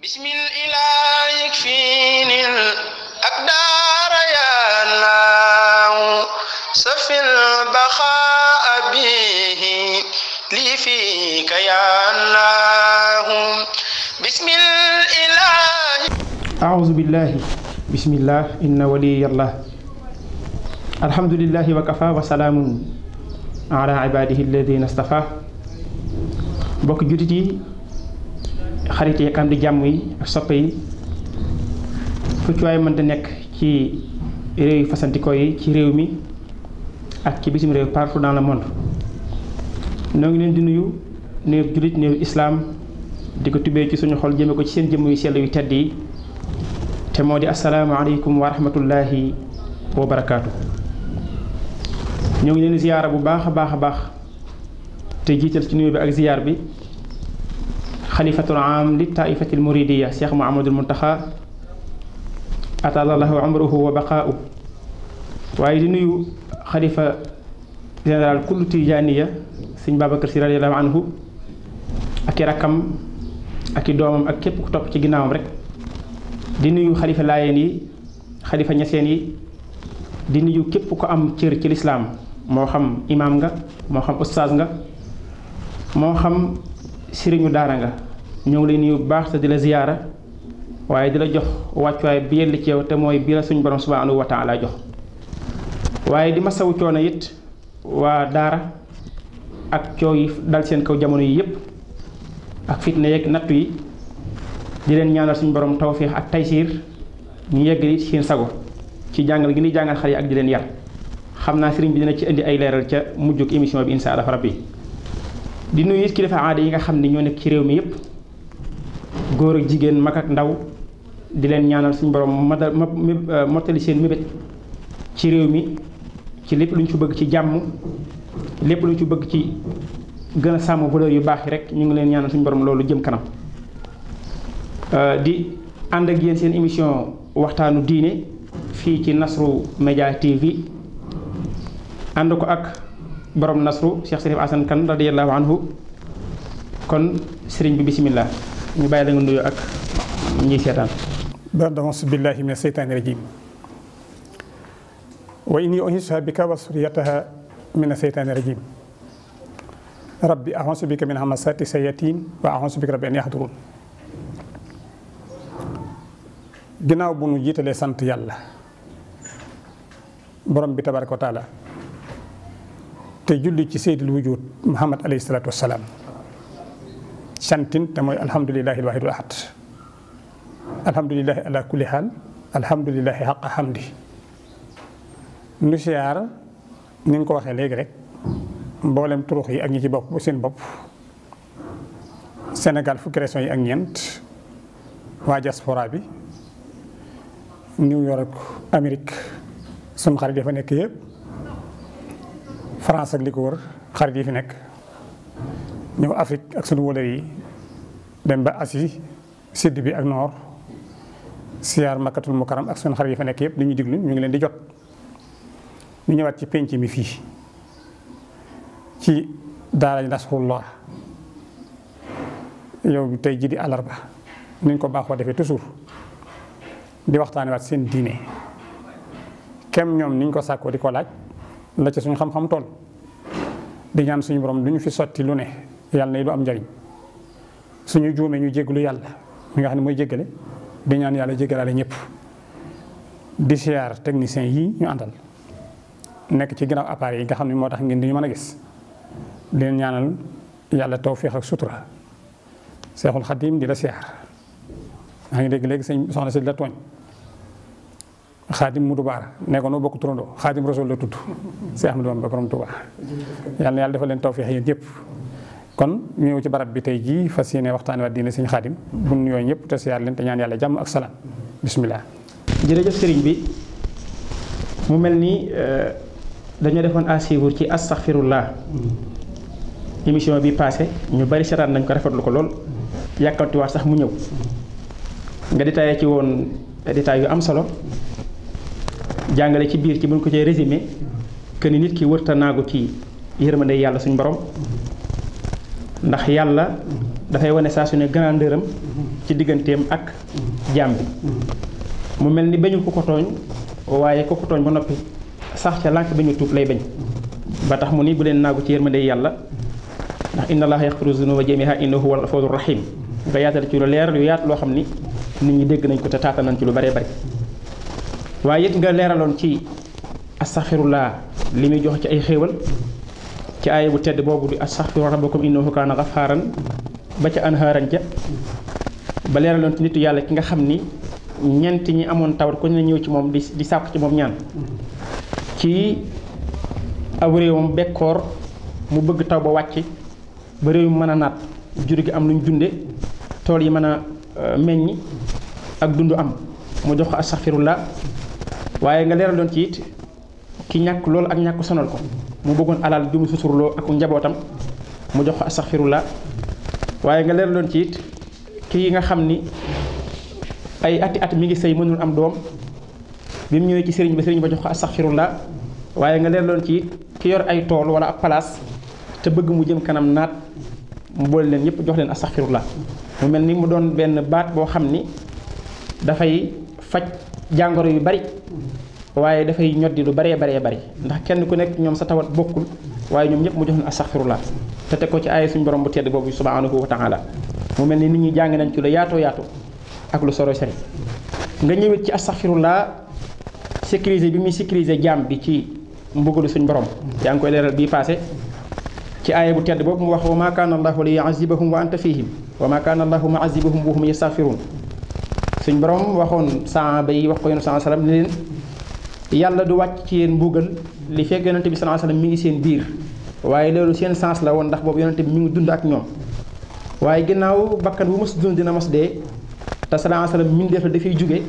بسم الإله يكفيني الأقدار يا الله سف البخاء به لي فيك يا الله بسم الإله أعوذ بالله بسم الله إن ولي الله الحمد لله وكفى وسلام على عباده الذين اصطفى بوك جوتي xarit yi am di jàmm yi ak soppe yi fu ci waay mën di nekk ci réew yu fasantikoo yi ci réew mi ak ci bitim réew partout dans le monde noo ngi leen di nuyu nuyu jullit nuyu islaam di ko tubee ci suñu xol jëme ko ci seen jëmm yu sell yu tedd yi te moo di asalaamaaleykum wa rahmatullahi wa barakaatu ñoo ngi leen ziyaara bu baax a baax a baax te jiital ci nuyu bi ak ziyaar bi xalifatul am li taaifatil muridiya cheikh muhammadul muntaxa atalallahu amruhu wa baqaau waaye di nuyu xalifa général kullu tijaaniya sëñ babacar si radiallahu anhu ak i rakkam ak Khalifah doomam ak képp ku topp ci ginnaawam rek di nuyu xalifa laayeen yi xalifa ñaseen yi di nuyu képp ku am cër ci lislaam moo xam imaam nga moo xam nga xam sëriñu daara nga ñoo ngi lay nuyu bu baax te dila la ziyaara waaye di jox wàccuwaay bi yelli ci yow te moy bi la suñu borom subhanahu wa taala jox waye di ma sawu coono yit wa daara ak coow yi dal seen kaw jamono yi yep ak fitna yek nattu yi di leen ñaanal suñu borom tawfiq ak taysir ñu yegg it seen sago ci jangal gi ni jangal ak di leen yar xamna serigne bi dina ci indi ay leral ca mujjuk emission bi insha allah rabbi di nuyu it kilifa aada yi nga xam ne ñoo nekk ci réew mi yëpp góor ak jigéen mag ak ndaw di leen ñaanal suñ borom matal euh, mottali seen mébét ci réew mi ci lépp lu ñu ci bëgg ci jàmm lépp lu ñu ci bëgg ci gën a sàmm valeur yu baax yi rek ñu ngi leen ñaanal suñu borom loolu jëm kanam euh, di ànd ak yéen seen émission waxtaanu diine fii ci Nasru Média TV ànd ko ak. borom nasru Cheikh Sérif Assane Kane radiyallahu anhu kon sëriñ bi bisimilah ñu bàyyi la nga nuyoo ak ñiy seetaan. baad auzu billaahi mina seytaani rajiim wa inni u'iizuhaa bika wa zurriyyatahaa mina seytaani rajiim rabbi auzu bika min hamazaati sayaatiin wa auzu ginnaaw bu nu jiitalee sant yàlla borom bi tabaaraka wa taala te julli ci seydil wujud muhammad alayhi salaatu wassalaam santin te mooy alhamdulillahi alwahidul ahad alhamdulillahi ala kulli alhamdulillahi xaqa xamdi nu siyaar ni nga ko waxee léegi rek mboolem turux yi ak ñi ci bopp seen bopp Sénégal fukki yi ak ñeent waa diaspora bi New York Amérique sunu xarit dafa nekk yëpp France ak li ko wër xarit yi fi nekk ñëw Afrique ak sunu wóolër yi dem ba Asie sud bi ak noor siyaar makkatul mukaram ak sunu xarit yi fa nekk yëpp li ñuy diglu ñu ngi leen di jot ñu ñëwaat ci penc mi fii ci daara Nasrullah yow tey ji di àllarba niñ ko baaxoo defee toujours di waxtaane waat seen diine kem ñoom niñ ko sàkkoo di ko laaj la ci suñu xam-xam tol di ñaan suñu borom duñu fi soti lu ne yalla ne du am njariñ suñu joomé ñu jéglu yalla mi nga xam ne mooy jéggale di ñaan yalla jégalaale ñëpp di siyaar technicien yi ñu andal nek ci ginnaaw appareil yi nga xam ni moo tax ngeen di mëna gis di ñaanal yalla tawfiq ak sutura cheikhul khadim di la siyaar maa ngi dégg léegi sëñ soxna si la toñ khadim mudu bar ne ko no bokku turandoo khadim rasul la tuddu cheikh ahmadu bamba borom tuba yalla na defal len tawfiq yéen yep kon ñew ci barab bi tay ji fasiyene yéene waxtaan waa diine seigne khadim bu ñu yoy ñëpp te siyaar te ñaan yalla jamm ak bismillah jere jeuf sëriñ bi mu melni ni euh, dañoo defoon à ci astaghfirullah émission bi passé ñu bari seetaan nañ ko rafetlu ko lool yàkkamtiwaat sax mu ñew nga détaillé ci won détail yu am solo jàngale ci biir ci mën ko cee résumé que ni nit ki wërta naagu ci yërmande yàlla suñu borom ndax yàlla dafay wane saa su ne grandeur am ci digganteem ak jaam bi mu mel ni bañul ku ko tooñ waaye ku ko tooñ ba noppi sax ca lànk ba ñu tuub lay bañ ba tax mu ni bu leen naagu ci yërmande yàlla ndax inna allaha yaxfiru zunuba jamiha innahu huwal ghafuurur rahim nga yaatal ci lu leer lu yaat loo xam ni nit ñi dégg nañ ko te taata nañ ci lu bare bare waaye it nga leeraloon ci astaxfirullaa li muy jox ci ay xéewal ci aaya bu tedd boobu di astaxfiru rabbakum innahu kaana xafaaran ba ca anhaaran ja ba leeraloon ci nitu yàlla ki nga xam ni ñent ñi amoon tawat ku ne ñëw ci moom di di sàkku ci moom ñaan ci aw réewam bekkoor mu bëgg taw ba wàcc ba réew mi mën a naat jur gi am lu ñu dunde tool yi mën a euh, meññ ak dund am mu jox ko astaxfirullaa waaye nga leeral doon ci it ki ñàkk loolu ak sonal ko mu alal dum susurlo susurloo ak njabootam mu jox ko astaghfirullah waaye nga leeral doon ci it kii nga xam ay ati at mi ngi sëy mënul am doom bi mu ñëwee ci sëriñ ba sëriñ ba jox astaghfirullah waaye nga leer ci ki yor ay tool wala ab place te bëgg mu jëm kanam naat mu boole leen yépp jox leen astaghfirullah mu ni mu doon benn baat boo xam ni dafay faj jàngoro yu bari waaye dafay ñoddi lu baree baree bari ndax kenn ku nekk ñoom sa tawat bokkul waaye ñoom ñëpp mu jox na astaxfirullah te teg ko ci aaya suñ borom bu tedd boobu subhanahu wa taala mu mel ni nit ñi jàng nañ ci lu yaatoo yaatu ak lu soro sori nga ñëwit ci astaxfirullah sécuriser bi muy sécuriser jaam bi ci mbugalu suñu borom yaa ngi koy leeral bii passé ci aaya bu tedd boobu mu wax wa ma kaana allahu li yuazibahum wa anta fihim wa ma kaana allahu muazibahum wa hum yastaxfiruun suñ borom waxoon saaba yi wax ko yonent saa salaam ni leen yàlla du wàcc ci yéen mbugal li fekk yonent bi saa salaam mi ngi seen biir waaye loolu seen sens la woon ndax boobu yonent bi mi ngi dund ak ñoom waaye ginnaaw bakkan bu mas dund dina mas dee te saa salaam mbindeef la dafay jóge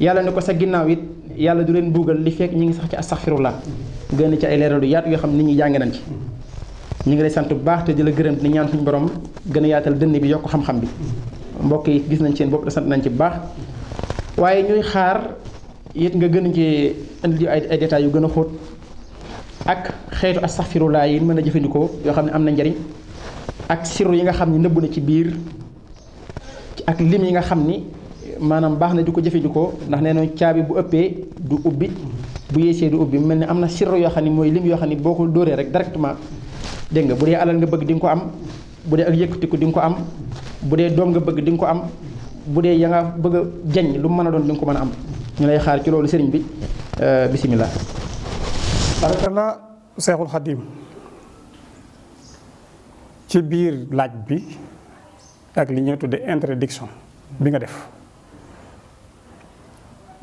yàlla ni ko sa ginnaaw it yàlla du leen mbugal li fekk ñu ngi sax ci la gën ci ay leeral yu yaatu yoo xam nit ñi jàng nañ ci ñu ngi lay sant bu baax te di la gërëm di ñaan suñu borom gën a yaatal dënn bi yokk xam-xam bi mbokk yi gis nañ seen bopp te sant nañ ci bu baax waaye ñuy xaar it nga gën ci indi ay ay détails yu gën a xóot ak xeetu astaxfirulaa yi mën a jëfandikoo yoo xam ne am na njariñ ak siru yi nga xam ni nëbbu na ci biir ak lim yi nga xam ni maanaam baax na di ko jëfandikoo ndax nee na caabi bu ëppee du ubbi bu yeesee du ubbi mel ni am na siru yoo xam ne mooy lim yoo xam ne boo ko dóoree rek directement dégg nga bu dee alal nga bëgg di nga ko am bu dee ak yëkkatiku di nga ko am bu dee doom nga bëgg di nga ko am bu dee ya bëgg a jañ lu mën a doon di ko mën a am ñu lay xaar ci loolu sëriñ bi euh, bisimilah. barakallah Seexul Xadim ci biir laaj bi ak li ñuy tuddee introduction bi nga def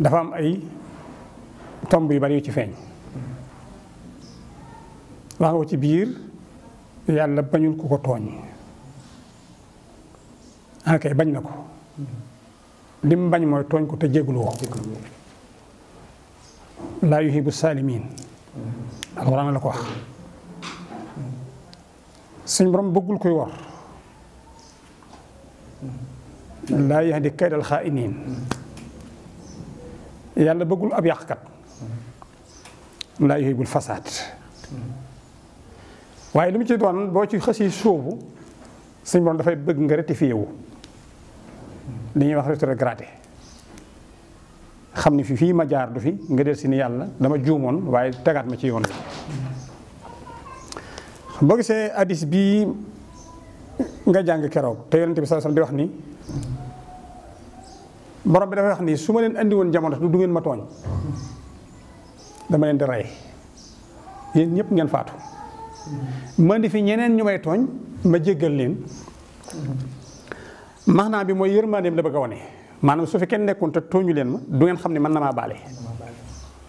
dafa am ay tomb yu bari yu ci feeñ wax nga ko ci biir yàlla bañul ku ko tooñ ah kay bañ na ko lim bañ mooy tooñ ko te jégalu laa yuhibu saalimiin alxuraan la ko wax suñ borom bëggul koy war laa yahdi kaydal xaainiin yàlla bëggul ab yàqkat laa yuhibul fasaad waaye li mu ci doon boo ci xësi suubu suñ borom dafay bëgg nga rectifié wu li ñuy wax rétrogradé xam ni fi fii ma jaar du fi nga del si ni yàlla dama juumoon waaye tegaat ma ci yoon bi boo gisee hadis bii nga jàng keroog te yonente bi sallallahu alayhi di wax ni borom bi dafay wax ni su ma leen indi woon jamono du ngeen ma tooñ dama leen di rey yéen ñëpp ngeen faatu ma di fi ñeneen ñu may tooñ ma jéggal leen maanaam bi mooy yërmandeem la bëgg a wone maanaam su fekkee nekkoon te tooñu leen ma du ngeen xam ne man na maa baale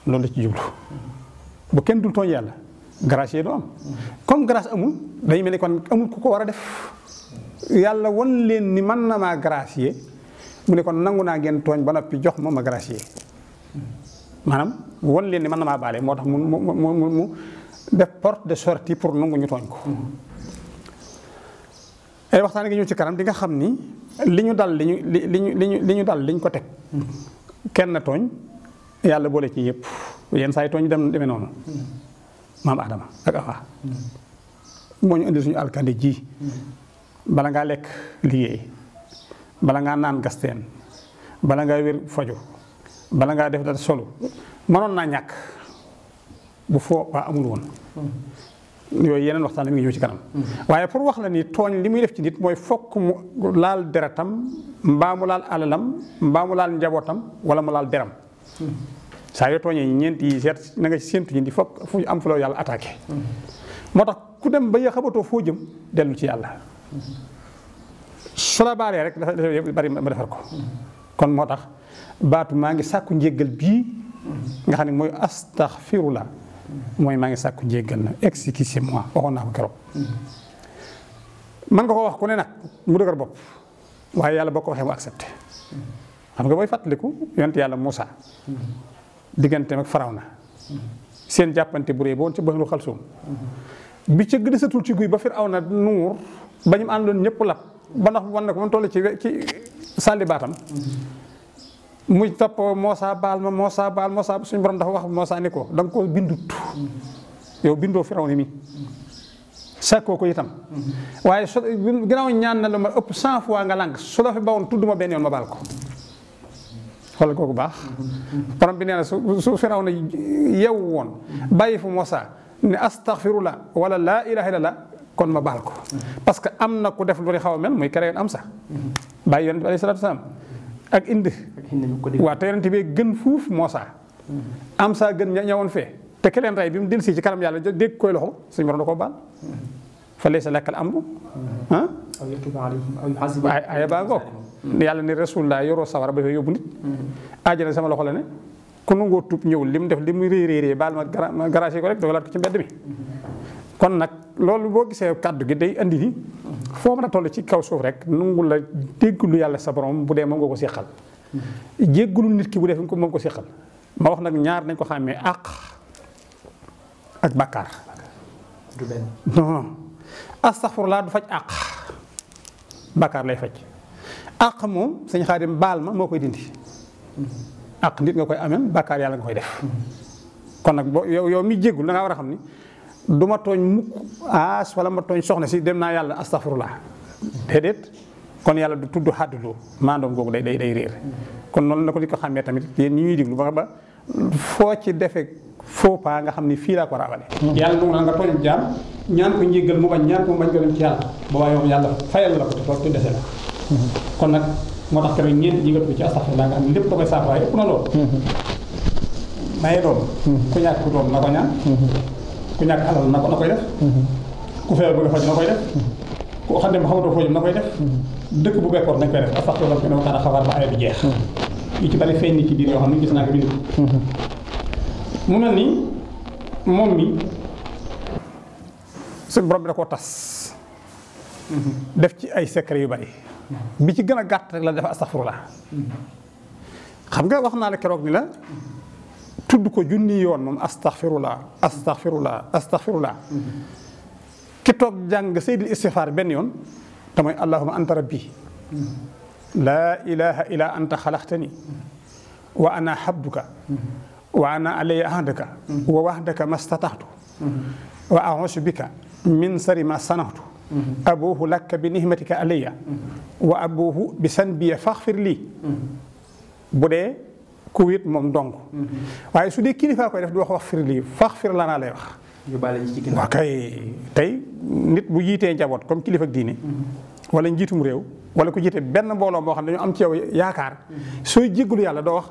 loolu la ci jublu bu kenn dul tooñ yàlla grâce yi du am comme grâce amul dañu mel ni kon amul ku ko war a def yàlla won leen ni mën na maa gracier mu ne nangu naa ngeen tooñ ba noppi jox ma ma maanaam won leen ni mën na maa baale moo tax mu mu mu mu def porte de sortie pour nangu ñu tooñ ko mm-hmm. ay waxtaan gi ñëw ci kanam di nga xam ni li ñu dal li ñu li li li ñu dal liñ ko teg kenn tooñ yàlla boole ci yëpp yenn saa yi tooñ dem demee noonu maam Adama ak Awa moo ñu indi suñu alkande ji bala ngaa lekk liggéey bala ngaa naan gasteen bala ngaa wér faju bala ngaa def dara solo mënoon naa ñàkk bu foo waa amul woon yooyu yenen waxtan la mi ngi ñëw ci kanam waye pour wax la ni togn limuy def ci nit moy fokk mu laal deratam mbaamu laal alalam mbaamu laal njabotam wala mu laal deram sa yo tooñee ñent yi seet na nga sentu ñi di fokk fu am fu la yàlla attaqué ku dem ba ya xamatoo jëm delu ci yalla su bare rek dafa bari ma defar ko kon motax tax baatu maa ngi sàkku njéggal bii nga xam moy astaghfirullah moy ma ngi sakku djegal na excusez-moi waxoon naa ko man nga ko wax ku ne nak mu deugar bop waye yalla bako waxe mu accepter xam nga boy fatlikou yent yalla Moussa digante mak farawna sen jàppante bu rëy ci Bahru khalsum bi gëna gisatul ci guuy ba fir awna nur ñu andon ñepp lap ba nak won nak ci ci muy topp Moussa baal ma Moussa baal Moussa suñ borom dafa wax Moussa ni ko da nga koo bindut yow bindoo Firawna mi sàkkoo ko itam waaye su ginnaaw ñaan na la ma ëpp cent fois nga làng su la fi ma benn yoon ko xoolal kooku baax borom bi nee na su su Firawna yeewu woon bàyyi fu Moussa ne la wala laa ilaha illallah kon ma baal ko parce que am na ku def lu xaw a mel muy keroog am sax bàyyi yonent bi alayhi salaatu wasalaam ak ind waaw te yonent bi gën fuuf Muusaa am saa gën ña ñëwoon fee te keleen ray bi mu dil si ci kanam yàlla dégg koy loxo suñu borom da koo baal fa laysa laka al-amru ah waaye aya baa ngoog yàlla ni rasulullah yoroo sawara ba yóbbu nit aajana sama loxo la ne ku nangoo tuub ñëwul li mu def li mu réeréerée baal ma garage ko rek dogalaat ko ci mbedd mi kon nag loolu boo gisee kàddu gi day indi ni foo mën a toll ci kaw suuf rek nangu la déggalu yàlla sa borom bu dee moom nga ko seqal. jéggalu nit ki bu dee fi moom ko seqal ma wax nag ñaar nañ ko xàmmee àq ak bàkkaar. du benn non du faj àq bàkkaar lay faj àq moom sëñ Xaadim baal ma moo koy dindi. Mm-hmm. àq nit nga koy amee bàkkaar yàlla nga koy def. Mm-hmm. kon nag boo yow yow mi jéggul da ngaa war a xam ni. duma togn mukk as wala ma togn soxna ci demna yalla astaghfirullah dedet kon yalla du tuddu hadulu mandom gogu day day day reer kon non la ko diko xamé tamit yeen ñuy diglu ba ba fo ci defé fo pa nga xamni fi la ko rawalé yalla mo nga togn jam ñaan ko ñeegal mu bañ ñaan ko bañ ko ci yalla ba wayo yalla fayal la ko to to dessé la kon nak motax tamit ñeen ñi nga ci astaghfirullah nga am lepp ko koy safara yépp na lool mm-hmm. maye doom ko ñaak ko na ko ñaan mm-hmm. ku ñàkk alal na ko na koy def ku feebar bu nga na koy def ku xam ne xamatoo foo jëm na koy def dëkk bu bekkoor nañ koy def afax la a xabaar ba aaya bi ci bari feeñ ci biir xam ne gis naa mu mel ni moom mi suñ borom koo tas def ci ay secret yu bari bi ci gën a gàtt rek la dafa astaxfirullah xam nga wax naa la keroog ni la tudd ko junni yoon moom astaghfirullah astaghfirullah astaghfirullah ki toog jàng seydil istighfar benn yoon te mooy allahuma anta rabbi laa ilaha illa anta xalaqtani wa ana xabduka wa ana alayya ahdaka wa wahdaka mastataxtu wa ausu bika min sari ma sanaxtu abuuhu lakka bi nihmatika alayya wa abuuhu bi sanbiya faxfir lii bu dee ku wéet moom dong. Mhm. waaye su dee kilifa koy def du wax wax fir lii fax fir lanaa lay wax. ñu bàyyi ci ginnaaw waaw kay tey nit bu jiitee njaboot comme kilifa ak diine. Mhm. wala njiitum réew wala ku jiite benn mbooloo moo xam ne dañu am ci yow yaakaar mhm. sooy jéggalu yàlla doo wax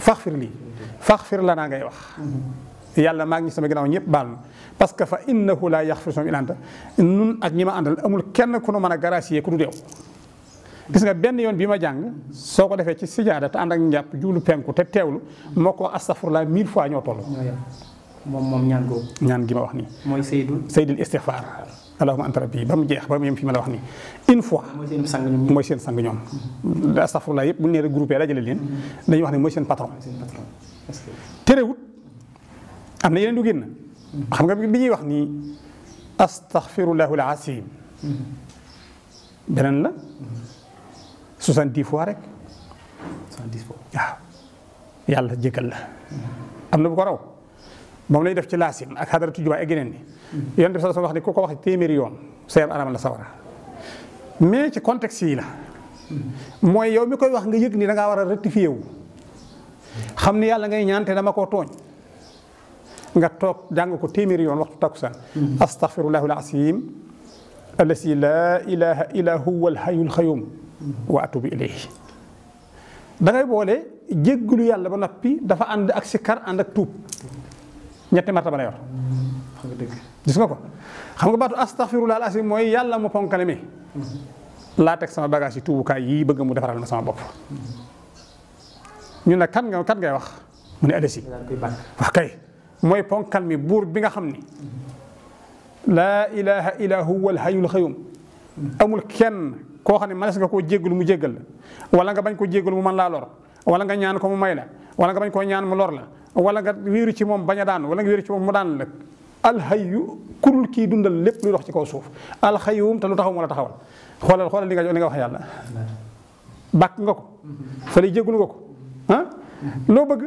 fax fir lii fax fir lanaa ngay wax. yàlla maa ngi sama ginaaw ñëpp baal na parce que fa innahu laa yax fi sama ilanta nun ak ñi ma àndal amul kenn ku nu mën a gracier ku du deew gis nga benn yoon bi ma jàng soo ko defee ci sijaada te ànd ak njàpp jublu penku te teewlu moo ko astafurlaa mille fois ñoo toll. moom moom ñaan googu. ñaan gi ma wax nii. mooy Seydul Seydul Istighfar. allahumma anta rabbi ba mu jeex ba mu yem fi ma la wax nii une fois. mooy seen sang ñoom mooy seen sang ñoom. astafurlaa yëpp bu ñu nee regroupé dajale leen. dañuy wax ne mooy seen patron. seen patron terewut am na yeneen du génn. Mm-hmm. xam nga bi ñuy wax nii. astaghfirullahul asim mm-hmm. beneen la. Mm-hmm. soixante-dix fois rek. soixante jëkkal la. am na bu ko raw moom lay def ci laasin ak xadaratu jumaa ak ni yoon def sax wax ne ku ko wax téeméeri yoon sa yaram aramal la sawara mais ci contexte yi la. Hmm. mooy yow mi koy wax nga yëg ni da ngaa war a rectifier wu. xam ni yàlla ngay ñaante dama koo tooñ. nga toog jàng ko téeméeri yoon waxtu takkusaan hmm. astaghfirullahul asiim allasi laa ilaaha illaa huwal wa atubu ilayhi da boole jéggulu yàlla ba noppi dafa ànd ak sikkar ànd ak tuub ñetti martaba la yor nga ko xam nga baatu astaghfirullah al-azim mooy yàlla mu ponkale mi laa teg sama bagage yi tuubukaay yii bëgg mu defaral ma sama bopp ñu ne kan nga kan ngay wax mu ne alasi wax kay mooy ponkal mi buur bi nga xam ni laa ilaha illa huwa amul kenn koo xam ne mënees nga koo jéggalu mu jéggal la wala nga bañ ko jéggalu mu man laa lor wala nga ñaan ko mu may la wala nga bañ koo ñaan mu lor la wala nga wéeru ci moom bañ a daan wala nga wéeru ci moom mu daan la alxayu kurul kii dundal lépp lu dox ci kaw suuf alxayum te lu taxaw moo la taxawal xoolal xoolal li nga li nga wax yàlla bàkk nga ko mm-hmm. fële jéggalu nga ko ah mm-hmm. loo bëgg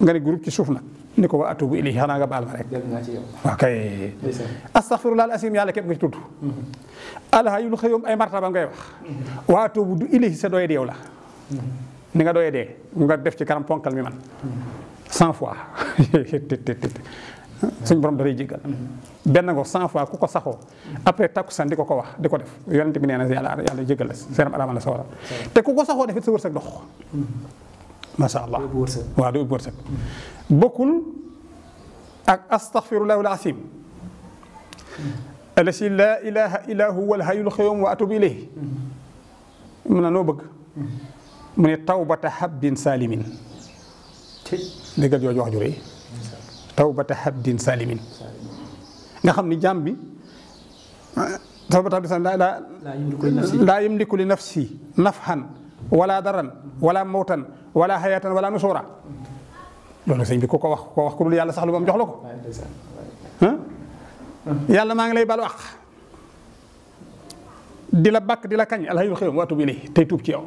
nga ne groupe ci suuf nag ni ko wa atubu ilayhi xanaa nga baal ma rek. waaw kay. astaxfirullah al asim yàlla képp nga ci tudd. Mhm. alhayyul xayyum ay martaba ngay wax. Mhm. wa atubu du ilayhi sa doyee yow la. Mhm. ni nga doyee dee nga def ci kanam ponkal mi man. cent fois suñ borom dalay jéggal benn ngo cent fois ku ko saxoo après takkusaan di ko ko wax di ko def yonent bi nee na yàlla yàlla jéggal la seenam araama la sawara te ku ko saxoo def it sa wërsëg dox ما شاء الله وعدو بورسك بكل استغفر الله العظيم الذي لا اله الا هو الحي القيوم واتوب اليه من نوبك من التوبه حب سالم ديغال جوج وخجوري توبه حب سالم nga xamni jambi tawbata bi sallallahu la yamliku li nafsi nafhan wala daran wala mawtan wala hayatan wala nusuura loolu sëñ bi ku ko wax ko yàlla sax lu bam jox la ko maa ngi lay balu àq di la bakk di la kañ alhayyul xayyuum wa atuubu ilayhi tey tuub ci yow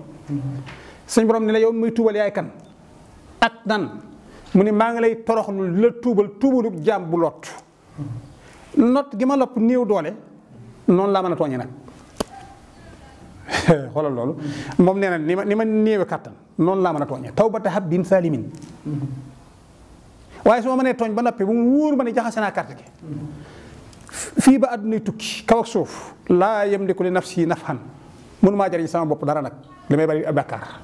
suñ borom ne la yow muy tuubal yaay kan ak nan mu ne maa ngi lay toroxlu di la tuubal tuubalu jaam bu lot not gi na lopp néew doole noonu laa mën a tooñe xoolal lolu mom nee ni ma niwe katan non kàttan noonu laa mën a tooñee tawbata salimin waye su ma mënee ba noppi bu wour wóor ma ne carte ke fi ba tukki kaw ak suuf la yamliku li nafsi nafhan mun ma jari sama bop dara nak limay bari bakkaar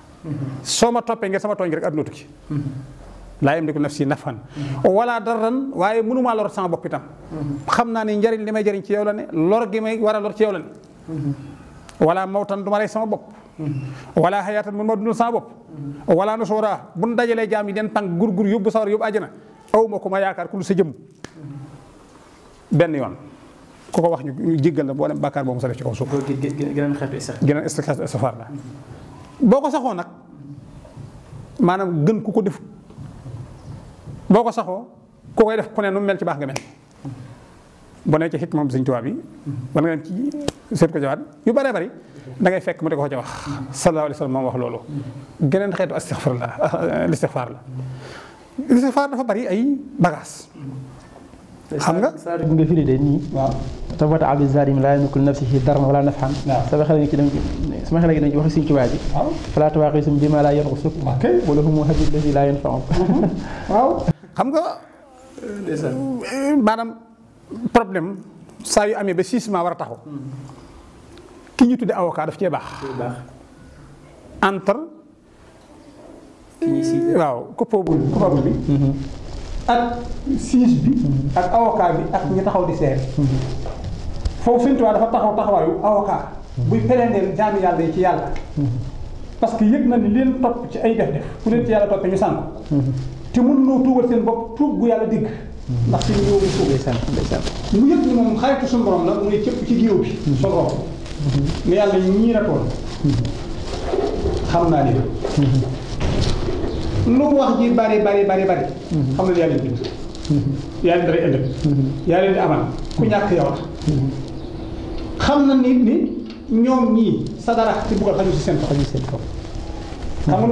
soo ma ngir sama togn rek àdduna tukki la yamliku nafsi nafhan. wala darran waaye mënumaa lor sama bop itam xamna ni njariñ li ci yow la ne lor gi may wara lor ci yow la ne wala mawtan du ma rey sama bopp wala xayaatan mun ma dundal sama bopp wala nusuura buñ dajalee jaam yi den tànk gurgur yóbbu sawar yóbbu àjjana aw ma ko ma yaakaar ku lu sa jëm benn yoon ku ko wax ñu jéggal la boo dem bàkkaar boo mu sa def ci kaw suuf geneen xeetu istifaar la boo ko saxoo nag maanaam gën ku ko def boo ko saxoo ku koy def ku ne nu mel ci baax nga mel bu nee ci xikma moom Sëñ Tuubaa bi war nga dem ci seet ko jawaat yu bëree bëri da ngay fekk mu di ko ca wax sallallahu alayhi wa sallam moom wax loolu geneen xeetu astixfar euh, la listixfaar la listixfaar dafa bari ay bagage xam nga saar bi nga firi de nii waaw tabata abi zalim laa yamliku li nafsihi darran wala naf'an sama xel ngi ci dem sama xel ngi ci waxi laa yanqusuk wala humu hajjul lazi waaw xam nga maanaam problème sa yu amé ba 6 mois wara taxo ki ñu tudde avocat daf ci bax entre waaw coupable coupable bi mhm. ak 6 bi mhm. ak avocat bi ak ñi taxaw di seet mhm. fofu Sëñ Tuubaa dafa taxaw taxawayu avocat buy pelendel jami yalla ci yalla parce que yek na ni leen top ci ay def def ku leen ci yalla top ñu sank te mën noo tuubal seen bop tuub gu yàlla digg ndax suñu ñëw bi foofu. ndeysaan ndeysaan mu yëg moom xaritu suñu borom la mu ne cëpp ci géew bi. sol rob mhm. mais yàlla ñii ratoon mhm. xam naa ne. Mhm. lu ko wax ji bari bari bari xam na nit ni ñoom ñii sa dara ci buggal xaju si seen kaw. xaju si seen kaw xam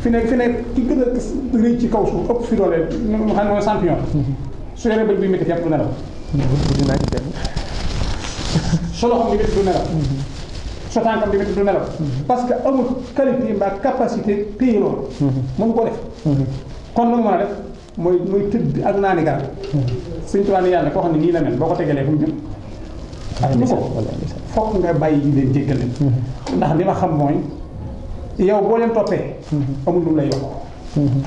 fi ne fi ne ki gën a rëy ci kaw suuf ëpp fi doole mu xam ne mooy champion. bi métti yàpp du nelaw. nelaw. su tànkam bi métti du nelaw. parce que amul qualité mbaa capacité téye loolu. ko def. kon lu mu mën a def mooy mooy tëdd ak naani garab. suñu tubaab ni yàlla xam ne nii la mel boo ko tegalee fu mu ak lu ko fokk nga bàyyi leen jéggal leen. Mm-hmm. ndax li ma xam mooy. yow boo leen toppee. Mhm. amul lu mu lay yokk. Mhm.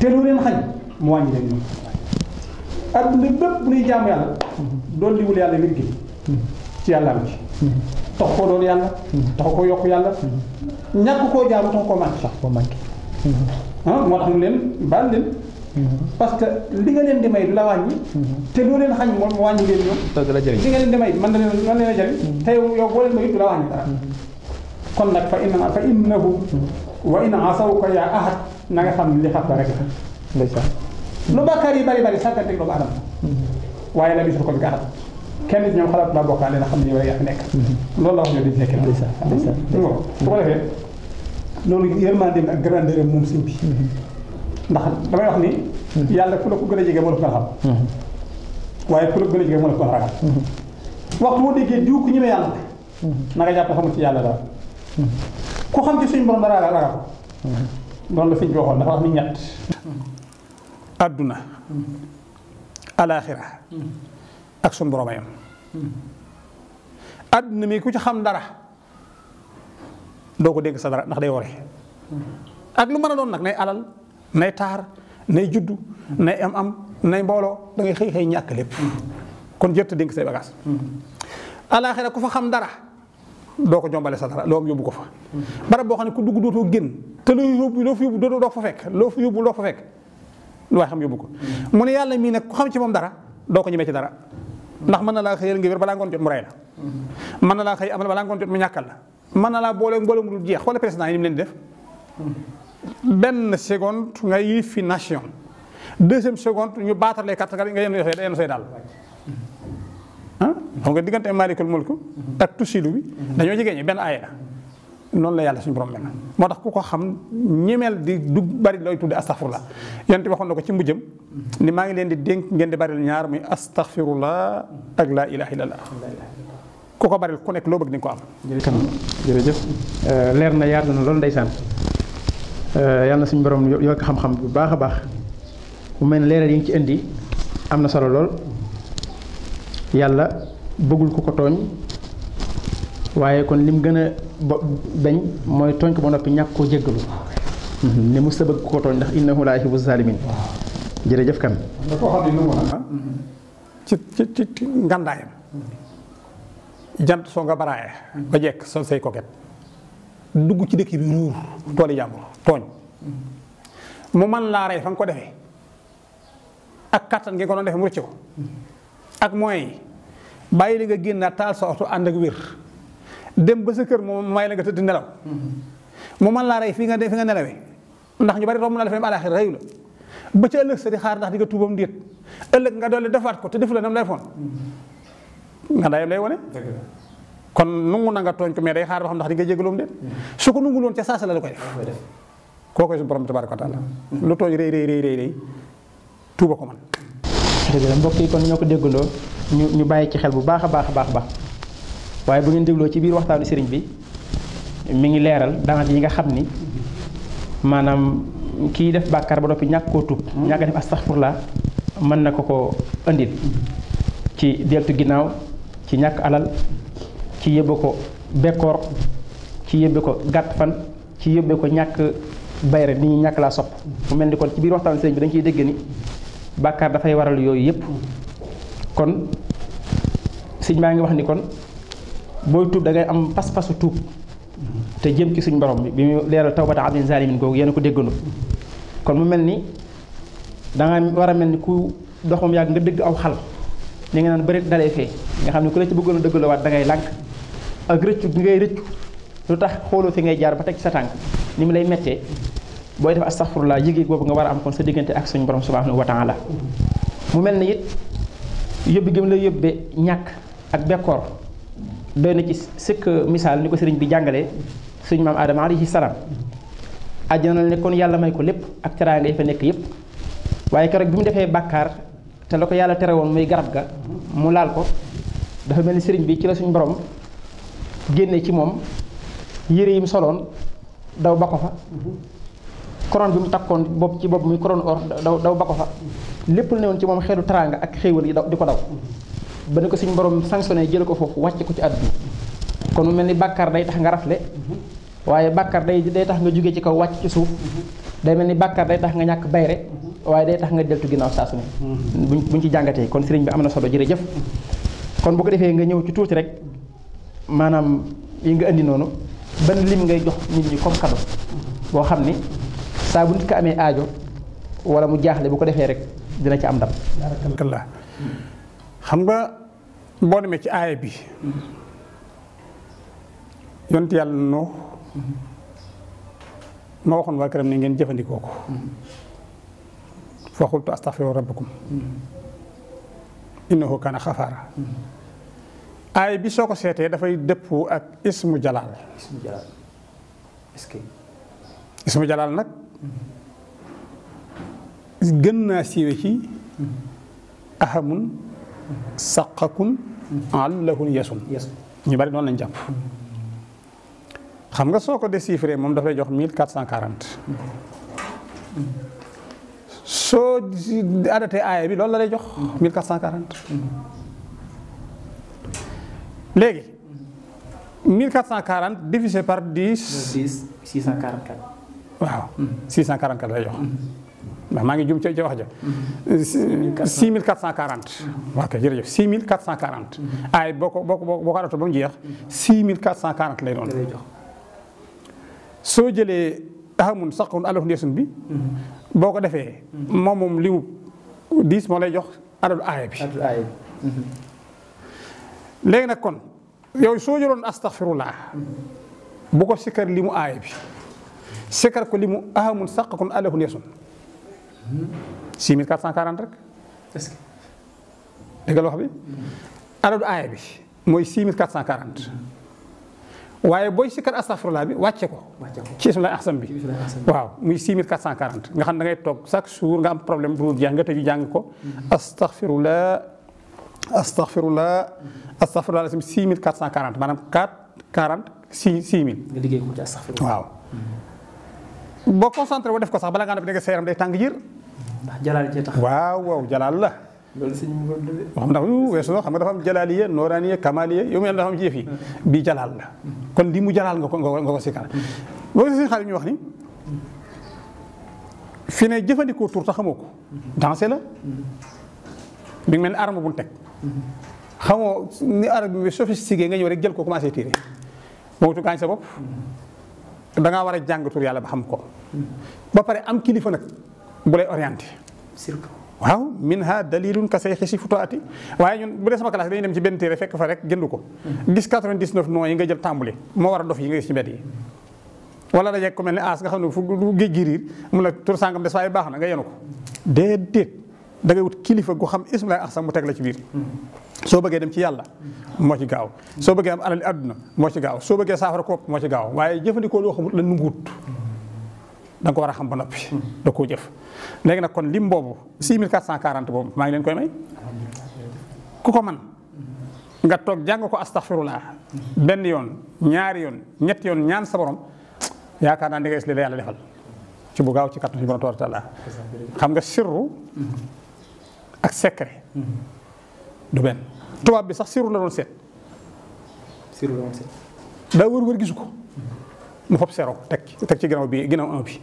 te lu leen xañ mu wàññi leen ñoom. adduna bépp bu ñuy jaamu yàlla. Mhm. doon liwul yàlla mbir gi. ci yàlla am ci. tax koo doon yàlla. tax ko yokk yàlla. ñàkk koo jaamu tax koo manqué. tax koo manqué. ah moo tax mu leen baal leen. parce que li nga leen di may du la wàññi. te loo leen xañ moom wàññi leen ñoom. dëgg la jëriñ li nga leen di may mën na leen mën na leen a jëriñ. te yow boo leen may du la wàññi dara. kon nag fa inna fa innahu wa in asaw ko yaa na nga xam ne li xas la la. lu bàkkaar yi bari bari sàkkante lu ba adam waaye la gisul ko bi ko kenn ci ñoom xalaat laa bokkaale na xam ne yow yaa nekk. Mm-hmm. loolu la wax ñoo di nekk la. Mm-hmm. su ko defee loolu yërmandeem ak moom si bi mm-hmm. ndax damay wax ni. yàlla ku la ko gën a jege moo la ko gën a xam. waaye ku la ko gën a ko gën a ragal. yàlla. na nga jàpp xamul ci yàlla dara. ku xam ci suñ borom dara ragal ragal loolu la fi ñu waxoon dafa wax ni ñett àdduna alaaxira ak suñ borom a yam àdduna mi ku ci xam dara doo ko dégg sa dara ndax day wore ak lu mën a doon nag nay alal nay taar nay juddu nay am am nay mbooloo da ngay xëy xëy ñàkk lépp kon jërta dénk say bagaas alaaxira ku fa xam dara doo ko jombale sa dara loo am yóbbu ko fa. barab boo xam ne ku dugg dootoo génn te loo yóbbu loo fi yóbbu dootoo doo fa fekk loo fi yóbbu doo fa fekk lu waaye xam yóbbu ko. mu ne yàlla mii nag ku xam ci moom dara doo ko ñemee ci dara. ndax mën na laa xëyal nga wér balaa ngoon jot mu rey la. mën na laa xëy amal balaa ngoon jot mu ñàkkal la. mën na laa boole mbooloo mu dul jeex xoolal président yi ni mu leen di def. benn seconde nga yii fi nation deuxième seconde ñu baatale kàttan nga yenn say daal xam nga diggante e malikul mulku ak tusilu bi dañoo na ñi benn ben la non la yàlla suñu borom mel moo kuko xam ñemeel di du bari looy tudde astaghfirullah yonte waxoon na ci mbujjam ni mangi ngi di dénk ngeen di baril ñaar muy astaghfirullah ak la ilaha illallah baril ku nekk loo bëgg di ko am jërëjëf euh, leer na yaatu na loolu ndeysaan euh, yan na suñu borom yo xam-xam bu baax baax bu mel leeral yi ci indi am solo yàlla bëggul ko ko tooñ waaye kon lim gën a bañ mooy tooñ ko ba noppi ñàkk koo jéggalu mhm. ni mu sa bëgg ku ko tooñ ndax innahu laa yuhibbu zalimin jërëjëf kan ah? mhm. ci ci ci ngandaayam mhm. jant soo nga baraaye ba jekk sol say koket dugg ci dëkk bi ruur tooli jàmbur tooñ mu man laa rey fa nga ko defee ak kàttan gi nga ko doon mu rëcc ko ak moyens yi bàyyi li nga génn taal sa oto ànd ak wér dem ba sa kër moom may la nga tëdd nelaw mu man laa rey fi nga fi ndax ñu bari romb na la fa dem àllaaxira reyu la ba ca ëllëg sa di xaar ndax di nga tuubam déet ëllëg defaat ko te defu la nam lay foon nga dayam lay wane nungu na nga tooñ ko mais day ndax di nga jégaluwam déet su ko nungu loon ca saasa la koy def koo koy su borom tabaaraka wa taala lu tooñ rëy rëy rëy rëy tuuba ko man dëgg mbokk yi kon ñoo ko déggandoo ñu ñu bàyyi ci xel bu baax a baax a baax baax waaye bu ngeen dégloo ci biir waxtaanu sëriñ bi mi ngi leeral danger yi nga xam ni maanaam kii def bàkkaar ba noppi ñàkk koo tub ñàkk a def astaxfurlaa mën na ko ko indil ci deltu ginnaaw ci ñàkk alal ci yóbbe ko bekkoor ci yóbbe ko gàtt fan ci yóbbe ko ñàkk bayre ni ñuy ñàkk laa sopp mu mel ni kon ci biir waxtaan sëriñ bi dañ ciy dégg ni da fay waral yoy yep kon seigne ma nga wax ni kon boy tuub da ngay am pas passu tuub te jëm ci suñ borom bi bi mu leeral tawbata abdin zalimin gog yéen ko déggandoo kon mu melni da nga wara melni ku doxum yag nga degg aw xal ni nga nan bari dalee fee nga xamni ku la ci bëggono a dëgg la waat da ngay lank ak reccu ngay reccu lutax tax fi ngay jaar ba tek sa tank ni mu lay metté booy def astaxfirullah yëg-yëg boobu nga war a am kon sa diggante ak suñu borom subhanahu wa taala mu mel ni it yóbbu gi mu la yóbbe ñàkk ak bekkoor doy na ci sëkk misaal ni ko sëriñ bi jàngalee suñ maam Adama alayhi salaam àjjana la ne yàlla may ko lépp ak teraanga yi fa nekk yépp waaye keroog bi mu defee bàkkaar te la ko yàlla tere woon muy garab ga mu laal ko dafa mel ni sëriñ bi ci la suñu borom génne ci moom yére yi mu soloon daw ba ko fa couronne bi mu takkoon bopp ci bopp muy couronne or daw daw ba ko fa lépp lu newoon ci moom xeetu teraanga ak xéewal yi daw di ko daw ba ni ko suñ borom sanctionné jële ko foofu wàcce ko ci àdduna kon mu mel ni bàkkaar day tax nga raf rafle waaye bàkkaar day day tax nga jóge ci kaw wàcc ci suuf day mel ni bàkkaar day tax nga ñàkk bayre waaye day tax nga deltu ginnaaw saa su ne buñ buñ ci jàngatee kon sëriñ bi am na solo jërëjëf kon bu ko defee nga ñëw ci tuuti rek maanaam yi nga indi noonu ban lim ngay jox nit ñi comme cadeau xam ni saa bu nit ko amee aajo wala mu jaaxle bu ko defee rek dina ci am ndam. barakallah xam nga boo demee ci aaya bi yont yàlla noo ma waxoon waa këram ne ngeen jëfandikoo ko fa xultu astaxfiru rabbakum innahu kaana xafaara aay bi soo ko seetee dafay dëpp ak ismu jalaal ismu jalaal nag gën naa siiwe ci ahamun saqakun allahun yasun ñu bari noonu lañ jàpp xam nga soo ko déchiffré moom dafay jox mille quatre cent quarante soo adate aaya bi loolu la lay jox mille quatre léegi mille quatre cent quarante divisé par dix six cent quarante waaw 644 lay jox. Mm-hmm. ndax maa ngi jum ca ca wax ja. 6440. waaw kay jërëjëf 6440. Mm-hmm. ay boo ko boo ko boo ko adatoo ba mu jeex 6440 mm-hmm. lay doon. soo jëlee ahamun saqun aluf ndeesun bi. boo ko defee. moom moom li mu 10 moo lay jox adatu aaya bi. léegi nag kon yow soo jëloon astaghfirullah bu ko sikkar li aaya bi. sikar ko li mu ahamun saqakun alahun yasun 6440 rek. est-ce que. déggal wax bi. adadu aaya bi mooy 6440. waaye booy sikar astafurlah bi wàcce ko. wàcce ko ci ismilaahi ahsan bi. waaw muy 6440 nga xam da ngay toog chaque jour nga am problème bu jeex nga tëju jàng ko. Mm-hmm. astafurlah astafurlah astafurlah la 6440 maanaam 4 40 6 6000. nga liggéey ko ci astafurlah waaw. Mm-hmm. boo concentré wu def ko sax bala nga def nek seeram day tang jir. ndax ci tax waaw waaw jalaal la. loolu si ñu xam ndax weesu xam nga dafa am jalaaliye nooraaniye kamaaliye yow mel dafa am jëf yi bii la kon lii mu jalaal nga ko nga ko sikkar boo gisee xarit ñu wax ni fi ne jëfandikoo tur tax xamoo ko la mi ngi mel arme bu teg xamoo ni arme bi sophistiqué nga ñëw rek jël ko commencé tirer moo tu gaañ sa bopp dangaa war a jàng tur yàlla ba xam ko ba pare am kilifa nag bu lay orienté. waaw min ha dalilun ka say xisi futuaati waaye ñun bu dee sama classe dañuy dem ci benn téere fekk fa rek jënd ko gis 99 noo yi nga jël tàmbali moo war a dof yi nga gis ci mbedd yi wala dajeeg ku mel ne aas nga xam ne fu géej gi riir mu la tur sàngam des waaye baax na nga yenu ko déedéet da ngay wut kilifa gu xam ismulaay ahsan mu teg la ci biir so bëggee dem ci yàlla moo ci gaaw so bëggee am alal aduna moo ci gaaw so bëggee saafara kopp moo ci gaaw waaye jëfandikoo loo xamul la nunguut da nga ko war a xam ba noppi da koo jëf léegi nag kon lim boobu 6440 boobu maa ngi leen koy may ku ko man nga toog jàng ko astaghfirullah benn yoon ñaari yoon ñetti yoon ñaan sa borom yaakaar naa di nga gis li la yàlla defal ci bu gaaw ci kattan ci borom tabaaraka taala xam nga sirru ak secret du benn tubaab bi sax siru la doon seet. siru la daa wër wër gisu ko mu fab seroo tek ci ginnaaw bi ginnaaw un bi.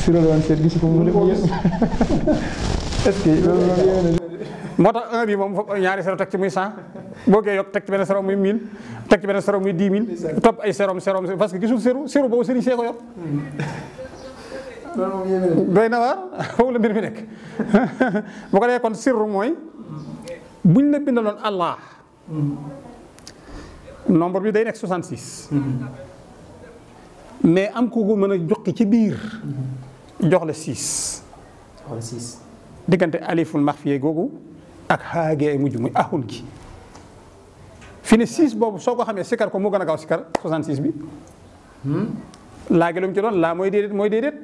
siru la doon seet gisu mu lépp moo tax un bi moom ñaari sero teg ci muy cent boo koy yokk teg ci benn sero muy mille teg ci benn sero muy dix mille topp ay serom serom parce que gisul seru seru boobu sëriñ see ko doy na foofu la mbir mi nekk bu ko dee kon sirru mooy buñ la bindaloon allah nombre bi day nekk 66. mais am koo ko mën a jox ci biir. jox la 6. jox la 6. diggante aliful maxfiye googu ak xaagee ay mujj muy axul gi. fi ne 6 boobu soo ko xamee sikar ko moo gën a gaaw sikar 66 bi. Hmm? laagi lu mu ci doon laa mooy déedéet mooy déedéet.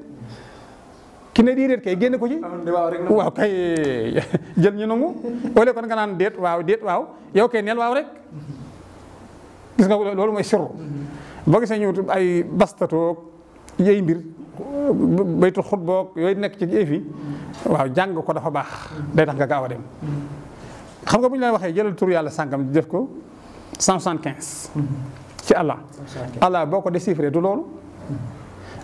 ki ne déedéet kay génn ko ci waaw kay jël ñu nangu wala kon nga naan déet waaw déet waaw yow kay neel waaw rek gis nga loolu mooy sirru boo gisee ñu ay bastatoog yey mbir baytu xut boog yooyu nekk ci yëf waaw jàng ko dafa baax day tax nga gaaw a dem xam nga bu ñu leen waxee jëlal tur yàlla sànkam def ko 175 ci Allah Allah boo ko déchiffré du loolu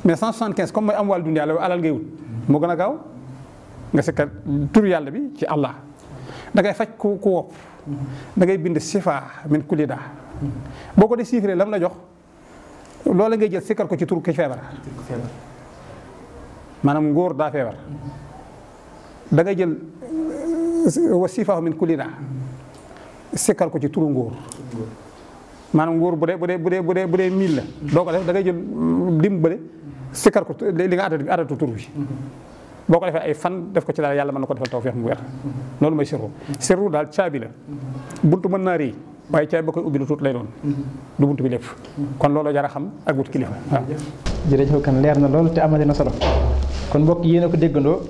mais 175 comme mooy am wàllu dund yàlla alal ngay wut moo gën a gaaw nga sikkar tur yàlla bi ci allah dangay faj ku ku wopp da bind sifa min kulida boo ko dee siifree lam la jox loola ngay jël sikkar ko ci tur ki feebar ngóor daa feebar da ngay jël wa sifahu min kulida ko ci turu ngóor maanaam bu dee bu dee bu dee bu dee mille la doo ko def da ngay jël dim bële sikar ko li nga adat adatu tur bi boo ko defee ay fan def ko ci daal yàlla mën na ko defal tawfeex mu wér loolu mooy sirru sirru daal caabi la buntu mën naa rëy waaye caabi ba koy ubbi lu tuut lay doon du buntu bi lépp kon loolu jar a xam ak wut kilifa waaw jërëjëf kan leer na lool te amati na solo kon mbokk yéen a ko déggandoo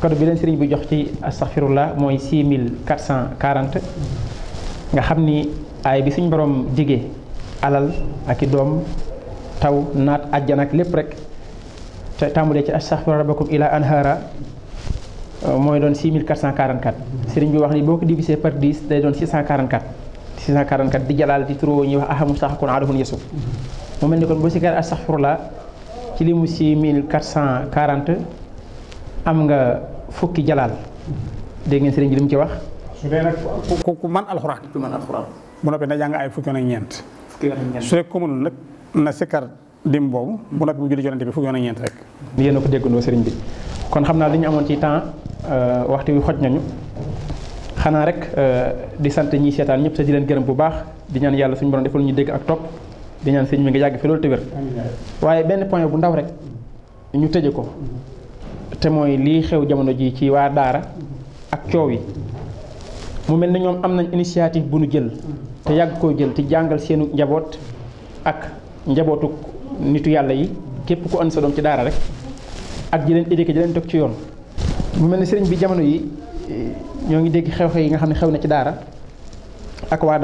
code bi leen sëriñ bi jox ci astaghfirullah mooy cent 6440 nga xam ni aay bi suñ borom digee alal ak i doom taw naat àjjana ak lépp rek te tambule ci astaghfir rabbakum ila anhara moy don 6444 serigne bi wax ni boko diviser par 10 day don 644 644 di jalal di turoo ñi wax ahamu sax kon yusuf mo melni kon bo ci gar la ci limu 6440 am nga fukki jalal de ngeen serigne bi ci wax su dee nak ku man alquran ku man alxuraan bu noppee na jang ay fukki nak ñent na sikkar dim boobu bu noppi bu julli jonante bi fukki yoon ak ñeent rek. yéen a ko dégg déggandoo sëriñ bi kon xam naa li ñu amoon ci temps euh, waxtu wi xoj nañu xanaa rek euh, di sant ñi seetaan ñëpp te di leen gërëm bu baax di ñaan yàlla suñu borom defal ñu dégg ak topp di ñaan sëñ bi nga yàgg fi loolu te wér. waaye benn point bu ndaw rek ñu tëje ko te mooy lii xew jamono ji ci waa daara ak coow yi mu mel ni ñoom am nañ initiative bu nu jël te yàgg koo jël te jàngal seenu njaboot ak. njabootu nitu yàlla yi képp ku andi sa doom ci daara rek ak di leen éduquer di leen ci yoon. mu mel ni sëriñ bi jamono yi eh, ñoo ngi dégg xew-xew yi nga xam ne xew na ci daara ak waa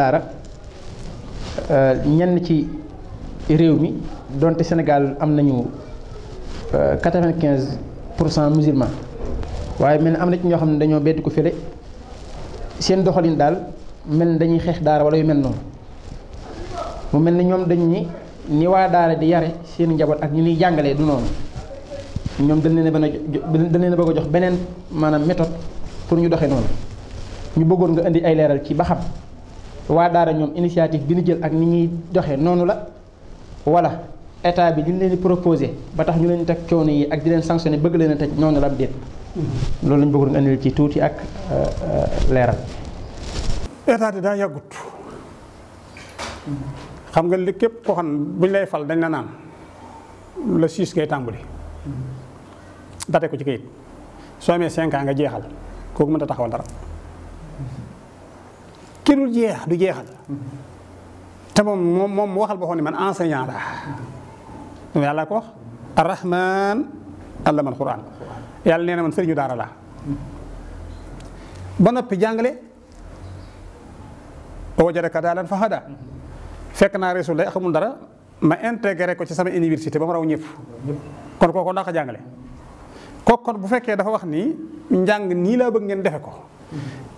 eh, ñenn ci réew mi donte Sénégal am nañu eh, quatre-vingt-quinze pour cent musulmans waaye mel ne am na ci ñoo xam ne dañoo bedd ko fële seen doxalin daal mel ne dañuy xeex daara wala yu mel noonu mu mel ne ñoom dañ ni ni waa daara di yare seen njaboot ak ñi ñuy jàngalee du noonu ñoom dañ leen a dañ leen a bëgg a jox beneen maanaam méthode pour ñu doxee noonu ñu bëggoon nga indi ay leeral ci ba xam waa daara ñoom initiative bi ñu jël ak ni ñuy doxee noonu la wala état bi li ñu leen di proposé ba tax ñu leen teg coono yi ak di leen sanctionné bëgg leen a tëj noonu la am déet loolu lañ bëggoon nga indil ci tuuti ak euh, euh, leeral. état bi daa yàggut. xam nga li képp ko xam buñ lay fal dañ la naan le 6 ngay tàmbali date ko ci kayit soo amee 5 ans nga jeexal kooku ta taxawal dara ki dul jeex du jeexal te moom moom moom waxal boo xam ne man enseignant la moom yàlla ko wax arrahman allama alquran yàlla nee na man sëriñu daara la ba noppi jàngale wa wajadaka daalan fa hada fekk na résultat xamul dara ma intégrer ko ci sama université ba mu raw ñëpp kon koko ndax jàngale kooku kon bu fekkee dafa wax ni njàng ni la bëgg ngeen defe ko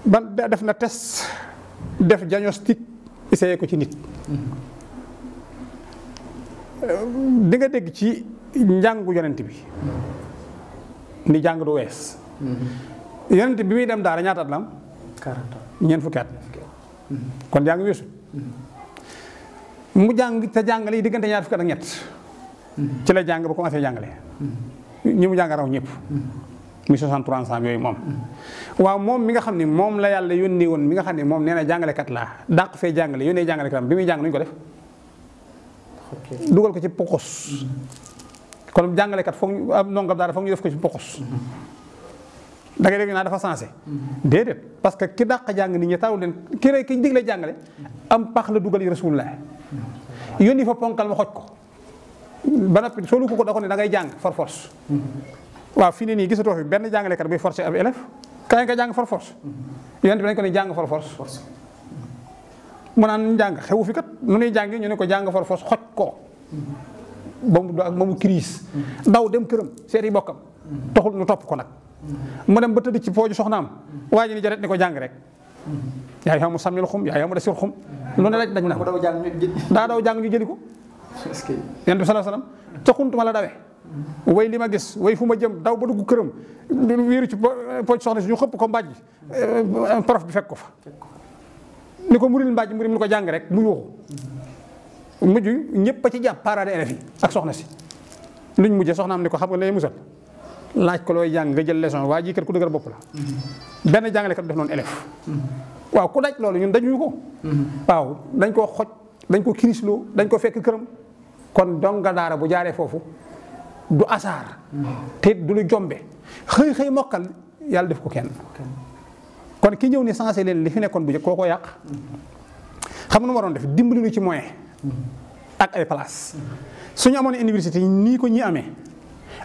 ban def na test def diagnostic essayé ko ci nit di nga dégg ci njàngu yonent bi ni jàng du wees yonent bi muy dem daara ñaata at la am fukki at kon jàng weesu mm-hmm. mu jàng te jàngale yi diggante ñaar fukki at ak ñett ci la jàng ba commencé jàngale ñi mu jàng raw ñëpp muy 63 ans yooyu moom waaw moom mi nga xam ne moom la yàlla yónnee woon mi nga xam ne moom nee na jàngalekat laa dàq fee jàngale yónnee jàngalekat bi muy jàng ko def dugal ko ci pokos kon jàngalekat foog ab ndongo daara foog ñu def ko ci pokos da ngay naa dafa sensé déedéet parce que ki dàq jàng ni ñi taw leen ki rek ki ñu digle jàngale am pax la dugal yi rasulullah yónni fa ponkal ma xoj ko ba nopi soo ko ko da ko ne da ngay jang for force wa fini ni gisato fi ben jangale kat buy forcer ab elef kaay nga jang for force yonent dañ ko ne jang for force mo nan jang xewu fi kat nu nuy jang ñu ne ko jang for force xoj ko ba mu ak crise daw dem këram seri bokkam taxul nu top ko nak mo dem ba tëdd ci poju soxnam waji ni jaret ni ko jang rek yaa yaa mu sàmmil xum yaa yaa mu desir xum lu ne laaj dañ na daa daw jàng ñu jëli ko yéen bi salaa salaam ca xuntuma la dawee way li ma gis way fu ma jëm daw ba dugg këram wéeru ci pooj soxna si ñu xëpp ko mbaaj bi eh, bi fekk ko fa ni ko muril mbaaj murim li ko jàng rek mu yuuxu mujj ñëpp a ci jàpp parade élèves yi ak soxna si luñ mujjee soxnaam ni ko xam nga lay musal laaj ko loy jang nga jël leçon waji kër ku dëgër bopp la jangale kat def non élève waaw ku daj lolu ñun dajuñu ko waaw dañ ko xoj dañ ko kirisloo dañ ko fekk kërëm kon nga daara bu jaaré fofu du asar te du lu jombe xey xey mokal yalla def ko kenn kon ki ñew ni sensé leen li fi nekkon bu jëkk xam nu def dimbali nu ci moyen ak ay place suñu amone université ni ko ñi amé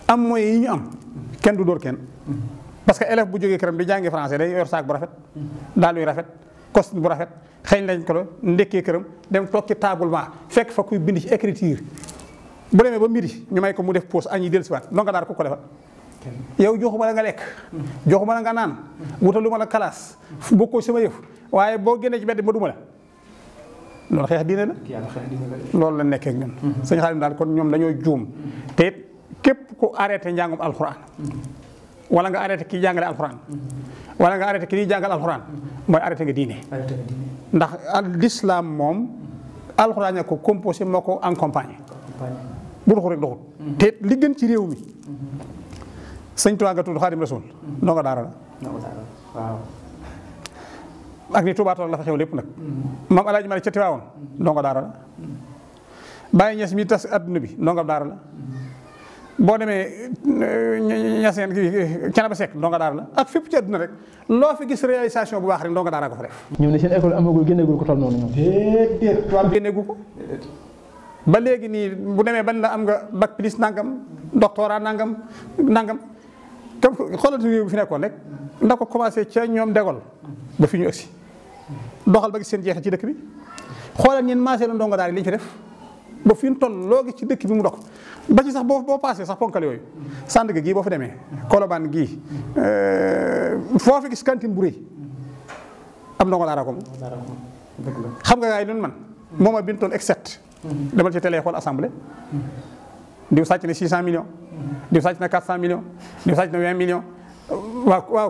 am moyen yi ñu am kenn du door kenn parce que élève bu jógee këram di jàngi français day yor saak bu rafet daal yu rafet costume bu rafet xëy lañ ko la këram dem toog ci table ba fekk fa kuy bind ci bu demee ba midi ñu may ko mu def pause añi dellusiwaat donc daal ku ko defal yow joxuma la nga lekk joxuma la nga naan wutaluma la kalaas bokkoo sama yëf waaye boo génnee ci bedd ma duma la loolu xeex diine loolu la nekkee ñun. Mm-hmm. suñu xaalim daal kon ñoom dañoo juum te képp ku arrêté njàngum alxuraan wala nga arrêté ki jàngale alxuraan nga arrêté ki ñuy jàngal alxuraan mooy arrêté nga diine. ndax l'islam moom alxuraan ko composé moo ko accompagné. bu doxul mm-hmm. te li gën ci réew mi. Mm-hmm. sëñ Tuubaa nga tudd Xaadim Rasuul mm-hmm. ndongo daara lépp nag. maam El Hadj Malick ca ndongo daara bi boo demee euh, ñaseen kii canaba sekk ndonga daara la ak fépp ci àdduna rek loo fi gis réalisation bu baax rek ndonga daara ko fa def. ñoom ne seen école amagul génneegul ko toll noonu ñoom. déedéet tubaab génneegu ko. ba léegi nii bu demee ban la am nga bac plus nangam doctorat nangam nangam te xoolatu réew bi fi nekkoon rek nda ko commencé ca ñoom degol ba fi ñu ëgsi doxal ba gis seen jeexit ci dëkk bi xoolal ñeen maasee la ndonga daara li ñu def. ba fi mu loogi ci dëkk bi mu dox ba ci sax boo boo paasee sax ponkal yooyu Sandaga gii boo fa demee Colobane gii euh, foo fi gis cantine bu rëy am ndongo daara ko xam nga gars yi man moom a bintoon except mm-hmm. demal ci télé xool assemblée mm-hmm. diw na mm-hmm. na 600 millions diw sàcc na 400 millions diw sàcc na 20 millions waaw waaw.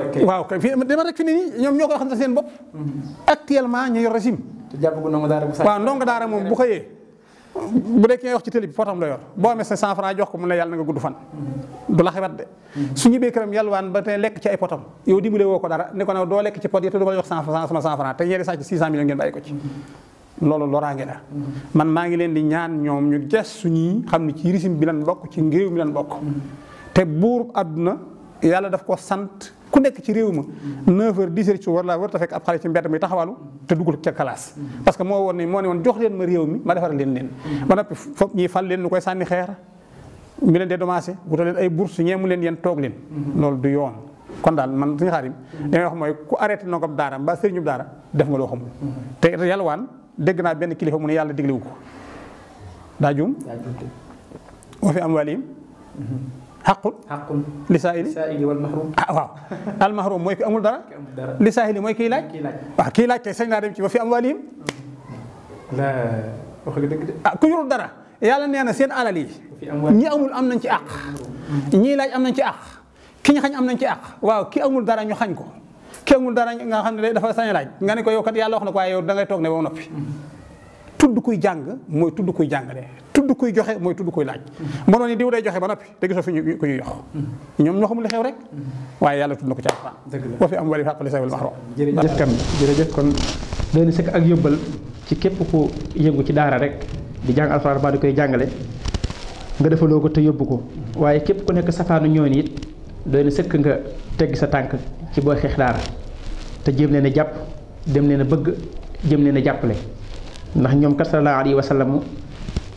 rek waaw kay fi dama nii ñoom ñoo ko waxante seen bopp. Mm-hmm. actuellement ñu yor régime. te jàpp gu ndongo daara bu waaw ndongo daara moom bu xëyee. bu dee ki ci télé bi footam la yor boo amee sa cent jox ko mu yàlla na nga gudd fan. Mm-hmm. du la xewat de. Mm-hmm. su ñibbee këram yalwaan ba tey lekk ci ay potam yow dimbale ko dara ne ko nag ci pot yi te du ma la te ñeenti sàcc six cent millions ngeen bàyyi ko ci. loolu man maa ngi leen di ñaan ñoom ñu ges suñuy xam ne ci régime bi lan bokk ci réew mi lan bokk te buur adduna yàlla def ko sant ku nekk ci réew ma 9h 10h ci war laa war ta fekk ab xale ci mbedd mi taxawaalu te duggul ca classe. parce que moo woon ne moo ne woon jox leen ma réew mi ma defar leen leen. ba noppi foog ñuy fal leen lu koy sànni leen dédommagé wutal leen ay bourse ñeemu leen yéen toog leen. loolu du yoon kon daal man suñu xaarim mooy ku arrêté na ko daara mbaa sëriñu daara def nga loo xamul. te yalwaan dégg naa benn kilifa mu ne yàlla diglewu ko daa juum. wa fi am walim xaqul xaqul li saa'ili wal mahrum ah waaw al mahrum mooy ki amul dara li saa'ili mooy kiy laaj waaw ah, kiy laaj kay sañ naa dem ci wa fi amwaalihim mm-hmm. la wax nga dëgg de ah, ku yorul dara yàlla nee na seen alal yi ñi amul am nañ ci àq mm-hmm. ñii laaj am na ci àq ki ñu xañ am nañ ci àq waaw ki amul dara ñu xañ ko ki amul dara nga xam ne dafa sañ laaj nga ne ko yow kat yàlla wax na ko waaye yow dangay toog ne ba noppi mm-hmm. tudd kuy jàng mooy tudd kuy jàngale tudd kuy joxe mooy tudd kuy laaj. mënoon ni diw day joxe ba noppi te gisoo fi ñu ko ñuy jox. ñoom ñoo xamul li xew rek. waaye yàlla tudd na ko ci alxuraan. dëgg la boo fi am wari fàppale sawil maxro. jërëjëf kan jërëjëf kon doy na sëkk ak yóbbal ci képp ku yëngu ci daara rek di jàng alxuraan ba di koy jàngale nga defaloo ko te yóbbu ko waaye képp ku nekk safaanu ñooñu it doy na sëkk nga tegg sa tànk ci booy xeex daara te jéem leen a jàpp dem leen a bëgg jëm leen a jàppale ndax ñoom kat sallallahu alayhi wa sallam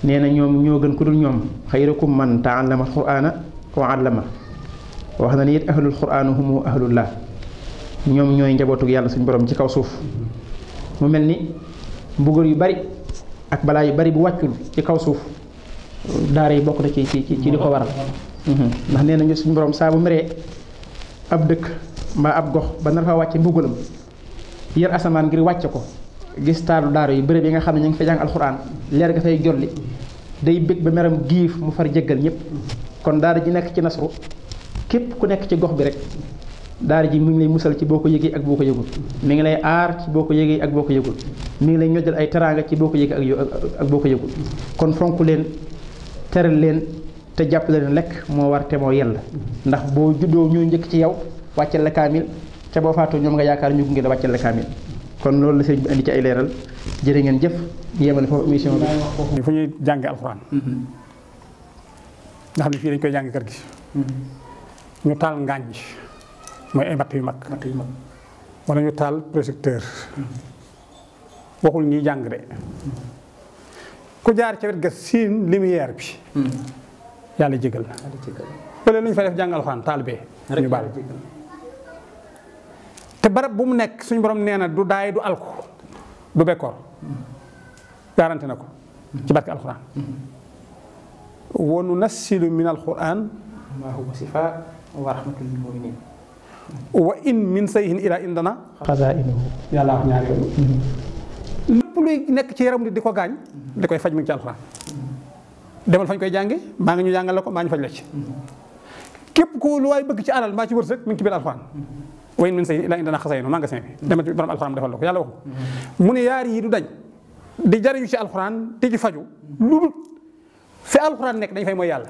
nee na ñoom ñoo gën ku dul ñoom xayrakum man taallama alqur'ana wa allama wax na ni it ahlul qur'an humu ahlullah ñoom ñooy njabootug yàlla suñu borom ci kaw suuf mu mel ni mbugal yu bari ak balaa yu bari bu wàccul ci kaw suuf daara yi bokk na ci ci ci di ko waral ndax nee nañu suñu borom saa bu meree ab dëkk mbaa ab gox ba na fa wàcce mbugalam yër asamaan ngir wàcce ko gis taalu daaru yi bërëb yi nga xam ne ñu ngi fa jàng alxuraan leer ga fay jolli day bëgg ba meram giif mu far jéggal ñëpp kon daara ji nekk ci nasru képp ku nekk ci gox bi rek daara ji mu ngi lay musal ci boo ko yëgee ak boo ko yëgul mi ngi lay aar ci boo ko yëgee ak mi ngi lay ñojjal ay teraanga ci boo ko yëgee ak ak boo ko yëgul kon fonk leen teral leen te jàpp jàppale leen lekk moo war te moo yella ndax boo juddoo ñoo njëkk ci yow wàccal la kaamil te boo faatoo ñoom nga yaakaar ñu gunge la wàccal la kon loolu la sëriñ bi indi ci ay leeral jëre ngeen jëf ñu yemale foofu émission bi. fu ñuy jàngee alxuraan. Mm-hmm. nga ne fii dañ koy jàng kër gi. Mm-hmm. ñu taal ngaañ ji mooy ay matt yu mag. matt ñu taal projecteur. Mm-hmm. waxul ñuy jàng de. ku jaar ci wet ga siin lumière bi. yàlla jégal na. lu ñu fa def jàng alxuraan taal bee. ñu baal. te barab bu mu nekk suñ borom nee na du daay du alku du bekkoor garanti na ko ci barke alquran wa nunassilu min alquran ma wa in min sayhin ila indana xasainuhu yàlla wax ñaar luy nekk ci yaram di di ko gaañ di koy faj mu ngi ci alquran demal fañ koy jànge maa ngi ñu jàngal ko maa ñu faj la ci képp ko lu waay bëgg ci alal maa ci wërsëg mi ngi ci biir wayn min say la indana xasayno magasin bi demal ci borom alxuraan defal la mu ne yaar yi du di jariñu ci alxuraan te ci faju lu dul fay mooy yàlla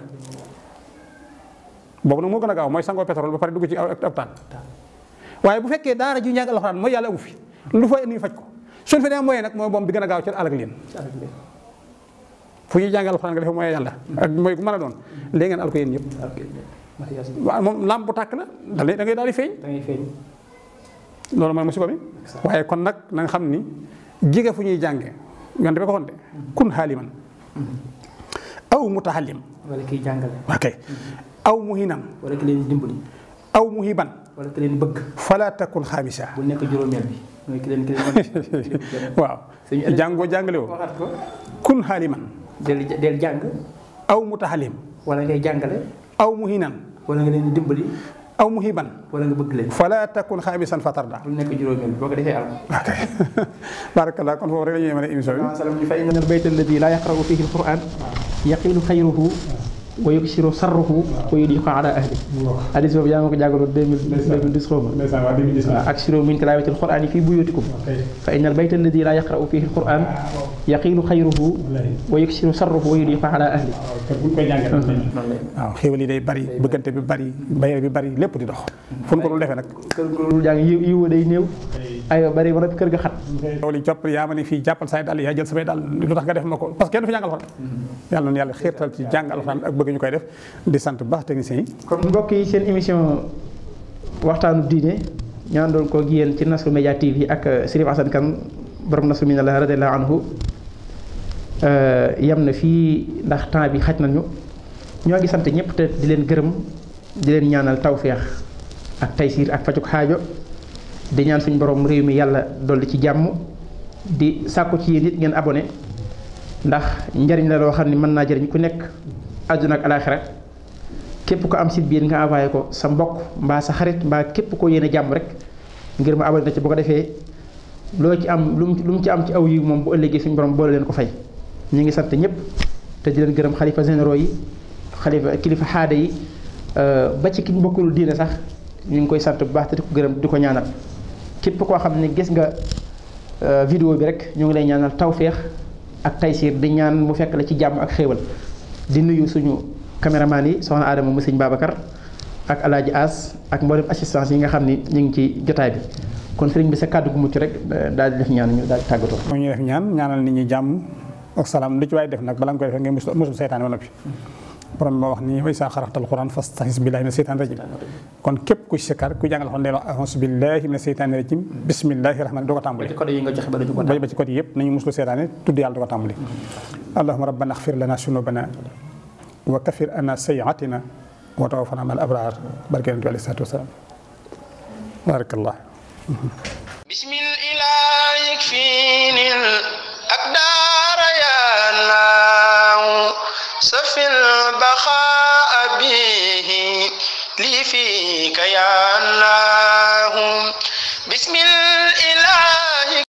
boobu moo gën a gaaw mooy sangoo pétrole waaye bu fekkee daara ji ñàkk alxuraan mooy yàlla amu fi lu fa nuy faj ko suñ fi nee mooyee nag mooy boom bi gën a gaaw ci àll ak leen fu ñu jàngal alxuraan nga def mooy yàlla ak mooy ku mën a doon léegi ngeen al ko yéen ñëpp waaw moom làmp bu tàkk la da ngay da ngay daal di feeñ. da ngay feeñ. loolu mooy musiba bi. waye kon nak na nga xamni ni fu ñuy jangé yonte bi ko xonte mm-hmm. kun haliman mm-hmm. aw mutahallim. wala kiy jàngale. ok mm-hmm. aw muhinam. wala ki leen dimbali. aw muhiban. wala ki leen bëgg. fala takun khamisa bu nekk juróomeel bi. moy ki leen ki leen waaw. jango jangale woo. kun haliman del del jang aw mutahallim. wala ngay jangale aw muhinam. wala nga leen dimbali. aw muhiban wala nga bëgg leen. fala takun xaamisan fatarda. bu nekk juróomeel boo ko defee am. ok barakallah kon foofu rek la ñuy mën a émission bi. waaw salaam ñu fay. baytal ladi laa yaqra'u fihi alquran yaqilu xayruhu ويكسر سره ويضيق على اهله هذه سبب جامعك جاغلو 2019 نعم. نعم. نعم. اكسر من تلاوة القران في بيوتكم فان البيت الذي لا يقرا فيه القران آه، يقيل خيره ويكسر سره ويضيق على اهله آه، آه، خيولي دي باري بغنتي بي باري باي بي باري لب دي دوخ فون كو دول ديفه نك كير كو دول نيو aywa bari ba noppi kër ga xat loolu jàpp yaa ma ne fii jàppal say dal yaa jël samay dal lu tax nga def ma ko parce que kenn du fi jàng alxuraan mm-hmm. yàlla noonu yàlla xiirtal ci jàng alxuraan ak bëgg ñu koy def di sant baax techniciens yi kon mbokk yi seen émission waxtaanu diine ñu àndoon ko yéen ci Nasrou Média TV ak Serigne Assane Kane borom Nasrou Média la radiyallahu anhu euh, yam na fii ndax temps bi xaj nañu ñoo ngi sant ñëpp di leen gërëm di leen ñaanal tawféex ak taysiir ak fajuk xaajo di ñaan suñu borom réew mi yàlla dolli ci jàmm di sàkku ci yéen it ngeen abone ndax njariñ la loo xam ne mën naa jëriñ ku nekk àdduna ak alaaxira képp ko am site biir nga envoyé ko sa mbokk mbaa sa xarit mbaa képp ko yéene jàmm rek ngir mu abonné ci bu ko defee loo ci am lu mu ci am ci aw yi moom bu ëllëgee suñu borom boole leen ko fay ñu ngi sant ñëpp te di leen gërëm xalifa généro yi xalifa kilifa xaada yi euh, ba ci ki bokkul diine sax ñu ngi koy sant bu baax te di ko gërëm di ko ñaanal képp koo xam ni gis nga euh, video bi rek ñu ngi lay ñaanal tawféex ak taysiir di ñaan mu fekk la ci jàmm ak xéewal di nuyu suñu caméraman yi soxna Adama mu sëñ Babacar ak alaaji As ak mboolem assistance yi nga xam ni ñu ngi ci jotaay bi kon sëriñ bi sa kàddu gu mucc rek euh, daal def ñaan ñu daal di tàggatoo. ñu def ñaan ñaanal nit ñi jàmm ak salaam lu ci waay def nag bala nga koy defee ngay musul seytaane ba noppi borom moo wax ni way saa xaraxtal quran fastahis billahi mina seytaani rajim kon képp ku sikar ku jàngal xoon delloo ahos billahi mina seytaani rajim bismillahi rahmani doo ko tàmbali ba ci côté yëpp nañu muslu seytaane tudd yàlla doo ko tàmbali allahuma rabbana axfir lana sunubana wa kafir ana sayiatina wa tawafana mal abrar barke yonent bi alei salatu wasalaam barakallah بسم الله يكفيني الأقدار يا الله سفي البخاء به لي فيك يا الله بسم الله